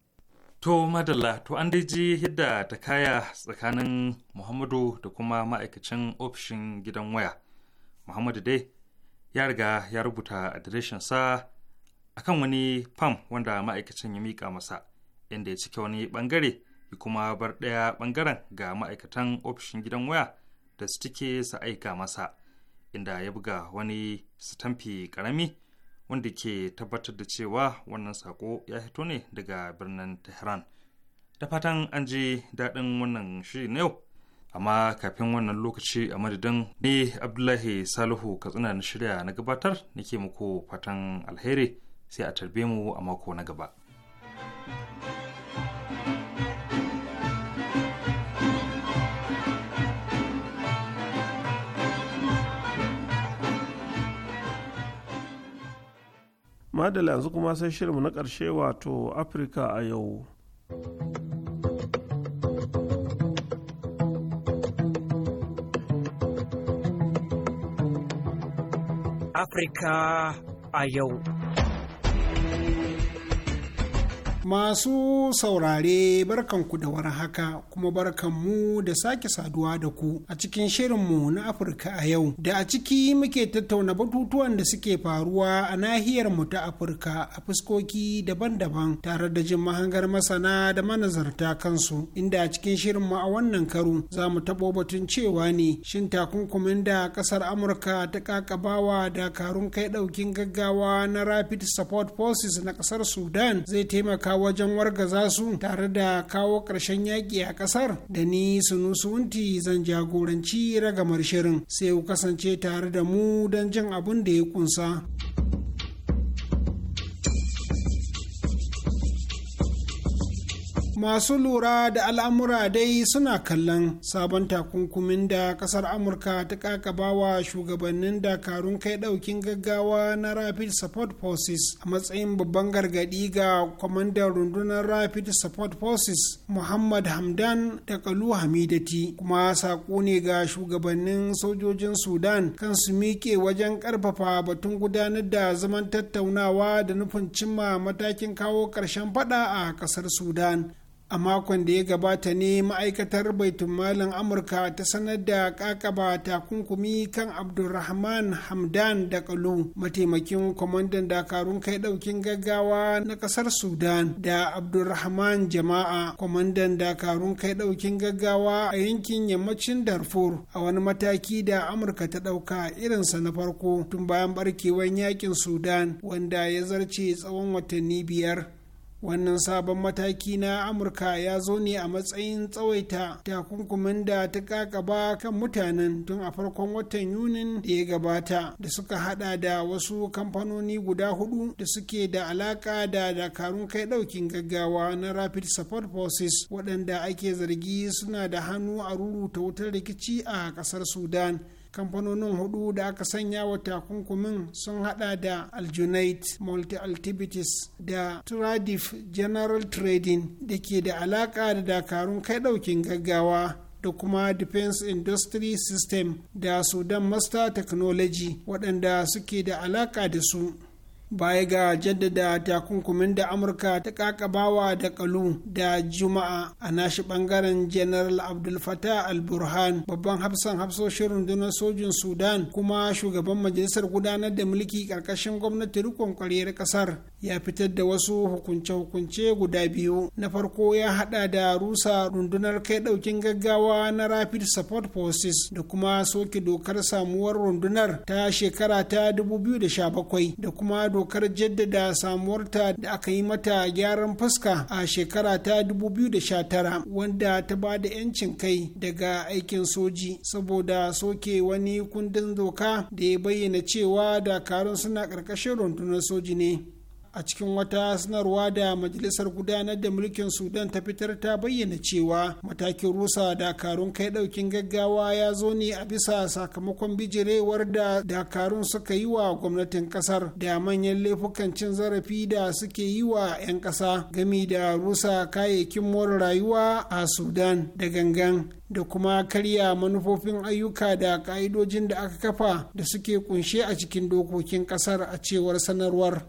To madalla to an dai ji yadda ta kaya tsakanin Muhammadu da kuma ma'aikacin ofishin gidan waya. Muhammadu dai ya riga ya rubuta adireshin a kan wani fam wanda ma'aikacin ya mika masa inda ya cike wani bangare ya kuma bar ɗaya ɓangaren ga ma'aikatan ofishin gidan waya da su cike su aika masa inda ya buga wani sitamfi karami wanda ke tabbatar da cewa wannan sako ya fito ne daga birnin tehran da fatan an ji daɗin wannan shi na yau amma kafin wannan lokaci a madadin ne abdullahi salihu katsina na shirya na gabatar nake muku fatan alheri sai a tarbe mu a mako na gaba. thank you madala yanzu kuma sai shirinmu na ƙarshe wato afirka a yau afirka a yau Masu saurare barkanku da war haka kuma barkanmu da sake saduwa da ku a cikin shirinmu na Afirka a yau da a ciki muke tattauna batutuwan da suke faruwa a nahiyar mu ta Afirka a fuskoki daban-daban tare da jin mahangar masana da manazarta kansu inda a cikin shirinmu a wannan karo za mu taɓo batun cewa ne shin takunkumin da ƙasar Amurka ta kakabawa dakarun kai ɗaukin gaggawa na Rapid Support Forces na ƙasar Sudan zai taimaka wajen wargaza su tare da kawo ƙarshen yaƙi a ƙasar da ni wunti zan jagoranci ragamar shirin sai ku kasance tare da mu don jin abin da ya kunsa. masu lura da al'amura dai suna kallon sabon takunkumin da kasar amurka ta kakabawa shugabannin dakarun kai daukin gaggawa na rapid support forces a matsayin babban gargadi ga kwamandan rundunar rapid support forces muhammad hamdan da kalu hamidati kuma sako ne ga shugabannin sojojin sudan kan su miƙe wajen ƙarfafa batun gudanar da zaman tattaunawa da nufin cimma matakin kawo ƙarshen faɗa a ƙasar sudan a makon da ya gabata ne ma'aikatar baitulmalin amurka ta sanar da kakaba takunkumi kan abdulrahman hamdan da kalu mataimakin kwamandan dakarun kai daukin gaggawa na kasar sudan da abdulrahman jama'a kwamandan dakarun kai daukin gaggawa a yankin yammacin darfur a wani mataki da amurka ta dauka irinsa na farko tun bayan barkewar yakin sudan wanda ya zarce tsawon watanni biyar wannan sabon mataki na amurka ya zo ne a matsayin tsawaita takunkumin da ta kakaba kan mutanen tun a farkon watan yunin da ya gabata da suka hada da wasu kamfanoni guda hudu da suke da alaka da dakarun kai daukin gaggawa na rapid support forces waɗanda ake zargi suna da hannu a ruruta wutar rikici a ƙasar sudan kamfanonin hudu da aka sanya wa takunkumin sun hada da aljunait multi-altivities da tradif general trading da ke da alaka da dakarun kai daukin gaggawa da kuma defense industry system da sudan master technology waɗanda suke da alaka da su baya ga jaddada takunkumin da amurka ta kakabawa da kalu da juma'a a nashi bangaren general abdul fatah al-burhan babban hafsan hafsoshin rundunar sojin sudan kuma shugaban majalisar gudanar da mulki karkashin gwamnati rikon kwaryar kasar ya fitar da wasu hukunce-hukunce guda biyu na farko ya hada da rusa rundunar kai daukin gaggawa na rapid support forces da kuma soke dokar samuwar rundunar ta shekara ta 2017 da kuma dokar jaddada samuwarta da aka yi mata gyaran fuska a shekara ta 2019 wanda ta ba da 'yancin kai daga aikin soji saboda soke wani kundin doka da ya bayyana cewa dakarun suna ƙarƙashin rundunar soji ne a cikin wata sanarwa da majalisar gudanar da mulkin sudan ta fitar ta bayyana cewa matakin rusa dakarun kai daukin gaggawa ya zo ne a bisa sakamakon bijirewar da dakarun suka yi wa gwamnatin kasar da manyan laifukan cin zarafi da suke yi wa 'yan kasa gami da rusa kayayyakin more rayuwa a sudan da gangan da kuma karya manufofin ayyuka da ka'idojin da aka kafa da suke kunshe a cikin dokokin kasar a cewar sanarwar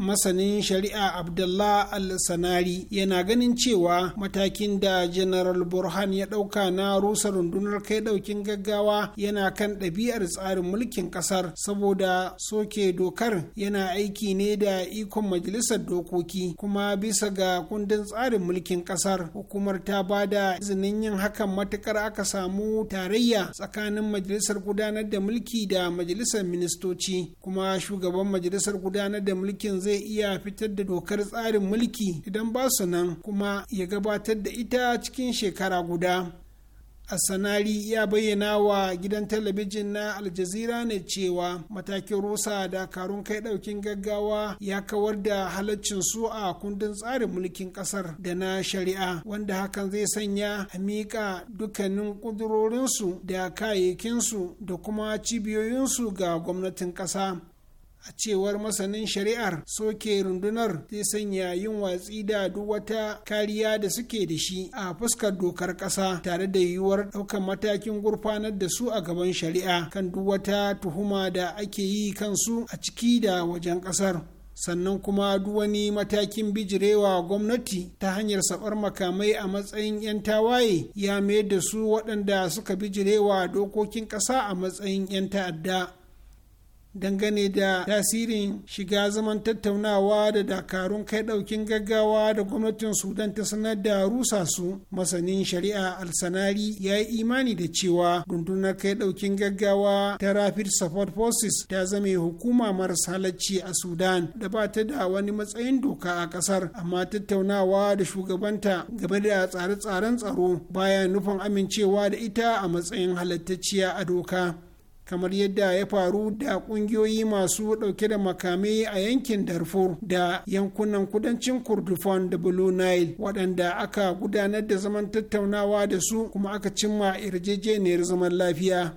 masanin shari'a abdullah al-sanari yana ganin cewa matakin da general burhan ya ɗauka na rusa rundunar kai ɗaukin gaggawa yana kan ɗabi'ar tsarin mulkin ƙasar saboda soke dokar yana aiki ne da ikon majalisar dokoki kuma bisa ga kundin tsarin mulkin ƙasar hukumar ta ba da izinin yin hakan matukar aka samu tarayya tsakanin majalisar gudanar da mulki da majalisar ministoci kuma shugaban majalisar gudanar da mulkin zai zai iya fitar da dokar tsarin mulki idan ba su nan kuma ya gabatar da ita cikin shekara guda sanari ya bayyana wa gidan talabijin na aljazira ne cewa matakin rusa da karun kai ɗaukin gaggawa ya kawar da halaccin su a kundin tsarin mulkin kasar da na shari'a wanda hakan zai sanya a miƙa dukkanin ƙudurorinsu da kayayyakinsu da kuma cibiyoyinsu ga gwamnatin ƙasa a cewar masanin shari'ar soke rundunar zai sanya yin watsi da duk wata kariya da suke da shi a fuskar dokar ƙasa tare da yiwuwar ɗaukar matakin gurfanar da su a gaban shari'a kan duk wata tuhuma da ake yi kansu a ciki da wajen ƙasar sannan kuma duk wani matakin bijirewa gwamnati ta hanyar sabar makamai a matsayin 'yan tawaye ya mayar da su waɗanda suka bijirewa dokokin ƙasa a matsayin 'yan ta'adda dangane da tasirin shiga zaman tattaunawa da dakarun kai daukin gaggawa da gwamnatin sudan ta sanar da rusa su masanin shari'a alsanari ya yi imani da cewa rundunar kai daukin gaggawa ta rapid support forces ta zame hukuma maras halacci a sudan da ba ta da wani matsayin doka a kasar amma tattaunawa da shugabanta game da tsare-tsaren tsaro baya nufin amincewa da ita a matsayin halattacciya a doka kamar yadda ya faru da kungiyoyi masu dauke da makamai a yankin darfur da yankunan kudancin kurdufan da blue nile waɗanda aka gudanar da zaman tattaunawa da su kuma aka cimma yarjejeniyar zaman lafiya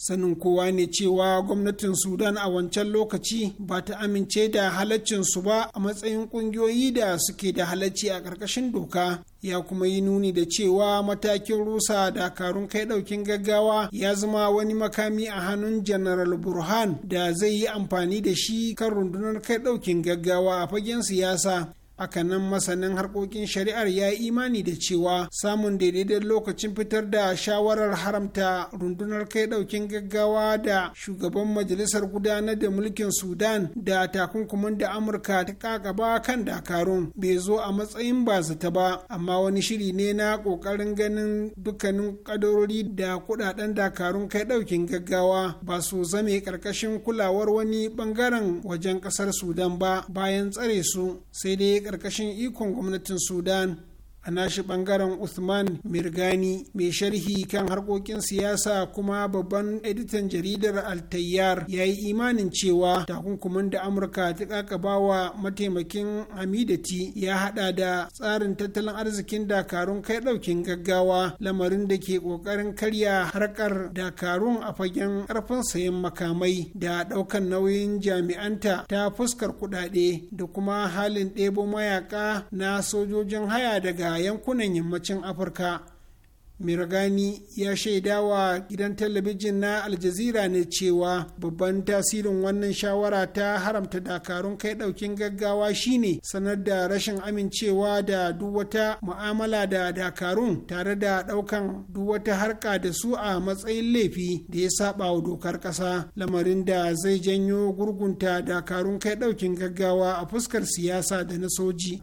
sanin kowa ne cewa gwamnatin sudan a wancan lokaci ba ta amince da halaccinsu ba a matsayin kungiyoyi da suke da halacci a ƙarƙashin doka ya kuma yi nuni da cewa matakin rusa dakarun kai ɗaukin gaggawa ya zama wani makami a hannun general burhan da zai yi amfani da shi kan rundunar kai daukin gaggawa a fagen siyasa nan masanin harkokin shari'ar ya yi imani da cewa samun daidaiton lokacin fitar da shawarar haramta rundunar kai daukin gaggawa da shugaban majalisar gudanar da mulkin sudan da takunkumin da amurka ta kakaba kan dakarun bai zo a matsayin bazata ba amma wani shiri ne na kokarin ganin dukkanin kadarori da kudaden dakarun kai daukin gaggawa ba su zame karkashin kulawar wani bangaren wajen kasar sudan ba bayan tsare su sai dai ƙarƙashin ikon gwamnatin sudan a nashi bangaren usman mirgani mai sharhi kan harkokin siyasa kuma babban editan jaridar altayyar ya yi imanin cewa takunkumin da amurka ta ƙaƙabawa mataimakin hamidati ya hada da tsarin tattalin arzikin dakarun kai daukin gaggawa lamarin da ke kokarin karya harkar dakarun a fagen karfin sayan makamai da daukan nauyin jami'anta ta fuskar kudade da kuma halin ɗebo mayaka na sojojin haya daga a yankunan yammacin afirka mirgani ya shaida wa gidan talabijin na aljazira ne cewa babban tasirin wannan shawara ta haramta dakarun kai daukin gaggawa shine sanar da rashin amincewa da duk wata mu'amala da dakarun tare da daukan duk wata harka da su a matsayin laifi da ya saba wa dokar kasa lamarin da zai janyo gurgunta dakarun kai daukin gaggawa a fuskar siyasa da na soji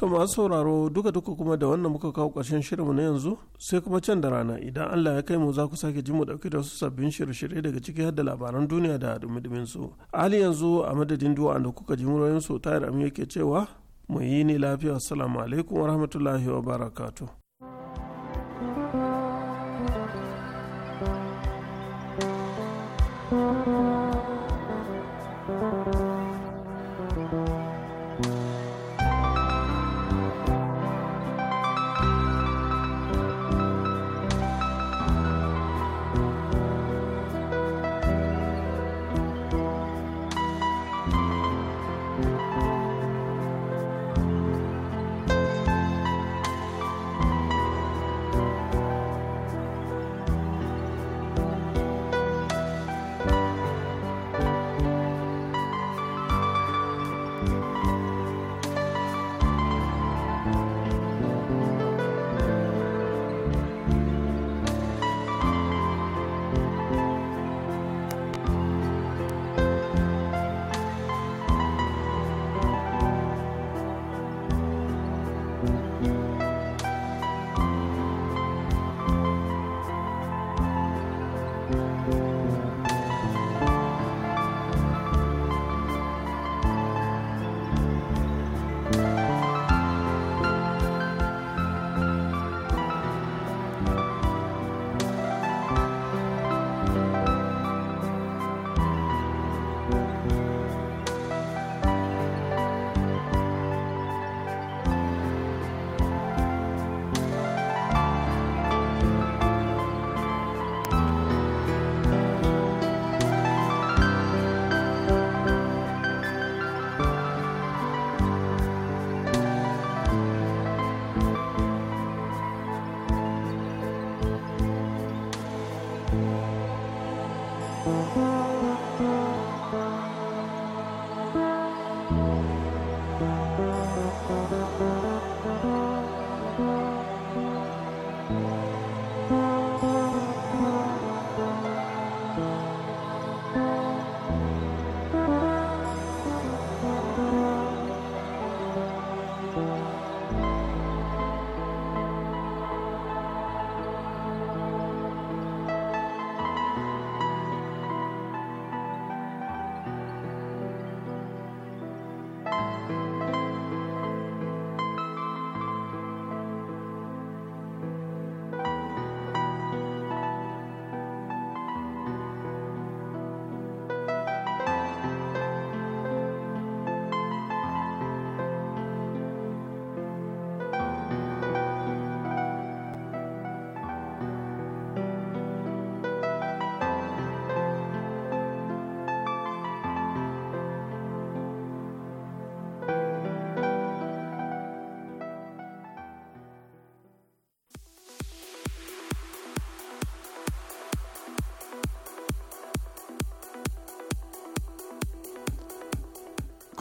To masu sauraro duka duka kuma da wannan muka kawo ƙarshen shirinmu na yanzu sai kuma can da rana idan Allah ya kai mu za ku sake ji mu dauki da wasu sabbin shirye-shirye daga ciki har da labaran duniya da dumi su. Ali yanzu a madadin duwa da kuka ji murayen su tayar amin yake cewa mu yi ni lafiya assalamu alaikum wa rahmatullahi wa barakatuh.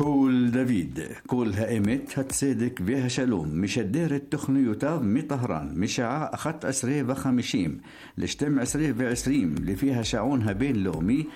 كول دافيد كول هائمت هتسيدك بها شلوم مش الدير التخني يتاب مي طهران مشاع أخت أسري بخمشيم لشتم أسري بعسريم لفيها شعونها بين لومي